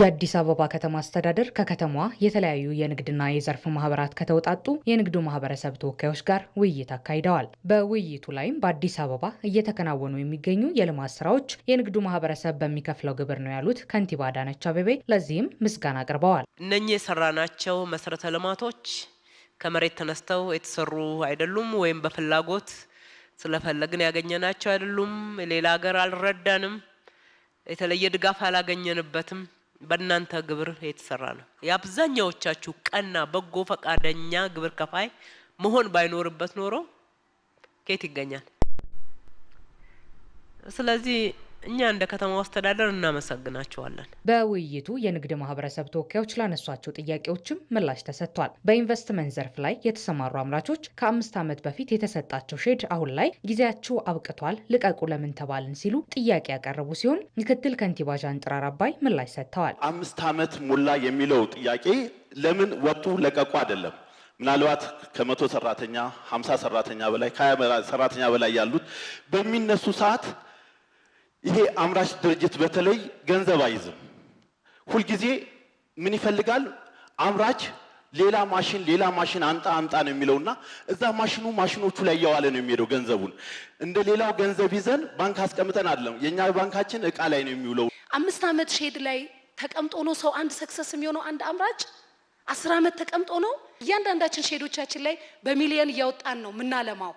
የአዲስ አበባ ከተማ አስተዳደር ከከተማዋ የተለያዩ የንግድና የዘርፍ ማህበራት ከተውጣጡ የንግዱ ማህበረሰብ ተወካዮች ጋር ውይይት አካሂደዋል። በውይይቱ ላይም በአዲስ አበባ እየተከናወኑ የሚገኙ የልማት ስራዎች የንግዱ ማህበረሰብ በሚከፍለው ግብር ነው ያሉት ከንቲባ አዳነች አቤቤ ለዚህም ምስጋና አቅርበዋል። እነኚህ የሰራናቸው መሰረተ ልማቶች ከመሬት ተነስተው የተሰሩ አይደሉም፣ ወይም በፍላጎት ስለፈለግን ያገኘናቸው አይደሉም። ሌላ ሀገር አልረዳንም፣ የተለየ ድጋፍ አላገኘንበትም። በእናንተ ግብር የተሰራ ነው። የአብዛኛዎቻችሁ ቀና በጎ ፈቃደኛ ግብር ከፋይ መሆን ባይኖርበት ኖሮ ከየት ይገኛል? ስለዚህ እኛ እንደ ከተማው አስተዳደር እናመሰግናቸዋለን። በውይይቱ የንግድ ማህበረሰብ ተወካዮች ላነሷቸው ጥያቄዎችም ምላሽ ተሰጥቷል። በኢንቨስትመንት ዘርፍ ላይ የተሰማሩ አምራቾች ከአምስት ዓመት በፊት የተሰጣቸው ሼድ አሁን ላይ ጊዜያቸው አብቅቷል ልቀቁ ለምን ተባልን ሲሉ ጥያቄ ያቀረቡ ሲሆን ምክትል ከንቲባ ዣንጥራር አባይ ምላሽ ሰጥተዋል። አምስት ዓመት ሞላ የሚለው ጥያቄ ለምን ወጡ ለቀቁ አይደለም። ምናልባት ከመቶ ሰራተኛ ሀምሳ ሰራተኛ በላይ ከሀያ ሰራተኛ በላይ ያሉት በሚነሱ ሰዓት ይሄ አምራች ድርጅት በተለይ ገንዘብ አይዝም። ሁልጊዜ ምን ይፈልጋል አምራች? ሌላ ማሽን ሌላ ማሽን አንጣ አንጣ ነው የሚለውና እዛ ማሽኑ ማሽኖቹ ላይ እያዋለ ነው የሚሄደው ገንዘቡን። እንደ ሌላው ገንዘብ ይዘን ባንክ አስቀምጠን አይደለም። የእኛ ባንካችን እቃ ላይ ነው የሚውለው። አምስት ዓመት ሼድ ላይ ተቀምጦ ነው ሰው አንድ ሰክሰስ የሚሆነው አንድ አምራጭ አስር ዓመት ተቀምጦ ነው። እያንዳንዳችን ሼዶቻችን ላይ በሚሊየን እያወጣን ነው ምናለማው።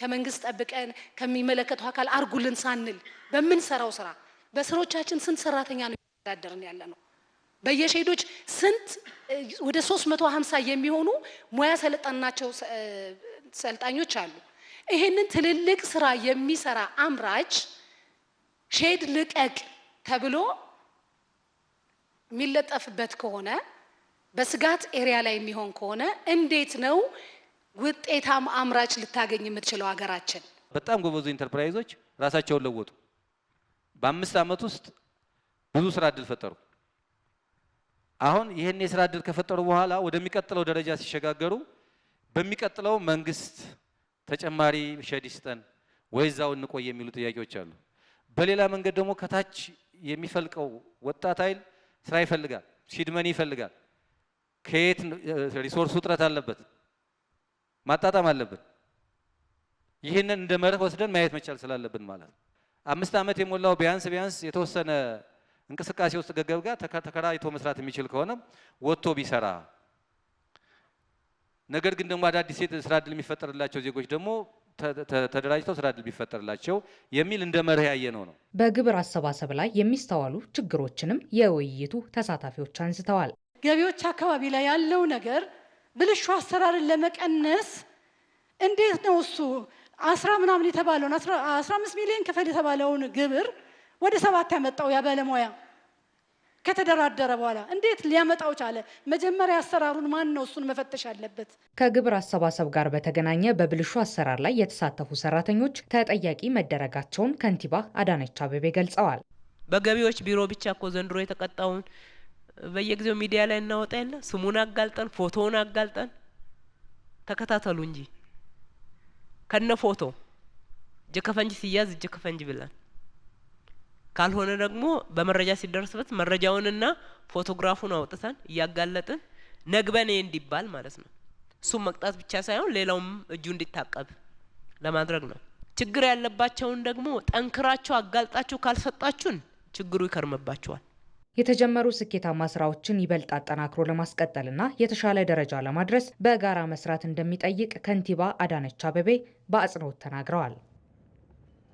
ከመንግስት ጠብቀን ከሚመለከተው አካል አርጉልን ሳንል በምንሰራው ስራ በስሮቻችን ስንት ሰራተኛ ነው እያስተዳደርን ያለ ነው? በየሼዶች ስንት ወደ 350 የሚሆኑ ሙያ ሰለጠናቸው ሰልጣኞች አሉ። ይህንን ትልልቅ ስራ የሚሰራ አምራች ሼድ ልቀቅ ተብሎ የሚለጠፍበት ከሆነ በስጋት ኤሪያ ላይ የሚሆን ከሆነ እንዴት ነው ውጤታም አምራች ልታገኝ የምትችለው ሀገራችን። በጣም ጎበዙ ኢንተርፕራይዞች ራሳቸውን ለወጡ። በአምስት ዓመት ውስጥ ብዙ ስራ እድል ፈጠሩ። አሁን ይህን የስራ እድል ከፈጠሩ በኋላ ወደሚቀጥለው ደረጃ ሲሸጋገሩ በሚቀጥለው መንግስት ተጨማሪ ሸድ ይስጠን ወይ እዛው እንቆይ የሚሉ ጥያቄዎች አሉ። በሌላ መንገድ ደግሞ ከታች የሚፈልቀው ወጣት ኃይል ስራ ይፈልጋል፣ ሲድመኒ ይፈልጋል። ከየት ሪሶርስ ውጥረት አለበት። ማጣጣም አለብን። ይህንን እንደ መርህ ወስደን ማየት መቻል ስላለብን ማለት ነው። አምስት ዓመት የሞላው ቢያንስ ቢያንስ የተወሰነ እንቅስቃሴ ውስጥ ገገብ ጋር ተከራይቶ መስራት የሚችል ከሆነ ወጥቶ ቢሰራ፣ ነገር ግን ደግሞ አዳዲስ ስራ እድል የሚፈጠርላቸው ዜጎች ደግሞ ተደራጅተው ስራ እድል ቢፈጠርላቸው የሚል እንደ መርህ ያየ ነው ነው። በግብር አሰባሰብ ላይ የሚስተዋሉ ችግሮችንም የውይይቱ ተሳታፊዎች አንስተዋል። ገቢዎች አካባቢ ላይ ያለው ነገር ብልሹ አሰራርን ለመቀነስ እንዴት ነው እሱ አስራ ምናምን የተባለውን አስራ አምስት ሚሊዮን ክፈል የተባለውን ግብር ወደ ሰባት ያመጣው ያ ባለሙያ ከተደራደረ በኋላ እንዴት ሊያመጣው ቻለ? መጀመሪያ አሰራሩን ማን ነው እሱን መፈተሽ ያለበት። ከግብር አሰባሰብ ጋር በተገናኘ በብልሹ አሰራር ላይ የተሳተፉ ሰራተኞች ተጠያቂ መደረጋቸውን ከንቲባ አዳነች አበቤ ገልጸዋል። በገቢዎች ቢሮ ብቻ እኮ ዘንድሮ የተቀጣውን በየጊዜው ሚዲያ ላይ እናወጣ የለ ስሙን አጋልጠን ፎቶውን አጋልጠን ተከታተሉ እንጂ ከነ ፎቶ ጀከፈንጅ ከፈንጅ ሲያዝ ጀከፈንጅ ከፈንጅ ብለን ካልሆነ ደግሞ በመረጃ ሲደርስበት መረጃውንና ፎቶግራፉን አውጥተን እያጋለጥን ነግበኔ እንዲባል ማለት ነው። እሱም መቅጣት ብቻ ሳይሆን ሌላውም እጁ እንዲታቀብ ለማድረግ ነው። ችግር ያለባቸውን ደግሞ ጠንክራችሁ አጋልጣችሁ ካልሰጣችሁን ችግሩ ይከርምባችኋል። የተጀመሩ ስኬታማ ስራዎችን ይበልጥ አጠናክሮ ለማስቀጠልና የተሻለ ደረጃ ለማድረስ በጋራ መስራት እንደሚጠይቅ ከንቲባ አዳነች አቤቤ በአጽንኦት ተናግረዋል።